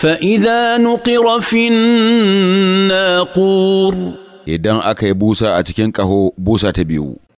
فإذا نقر في الناقور إذا أكي بوسى أتكين كهو بوسى تبيو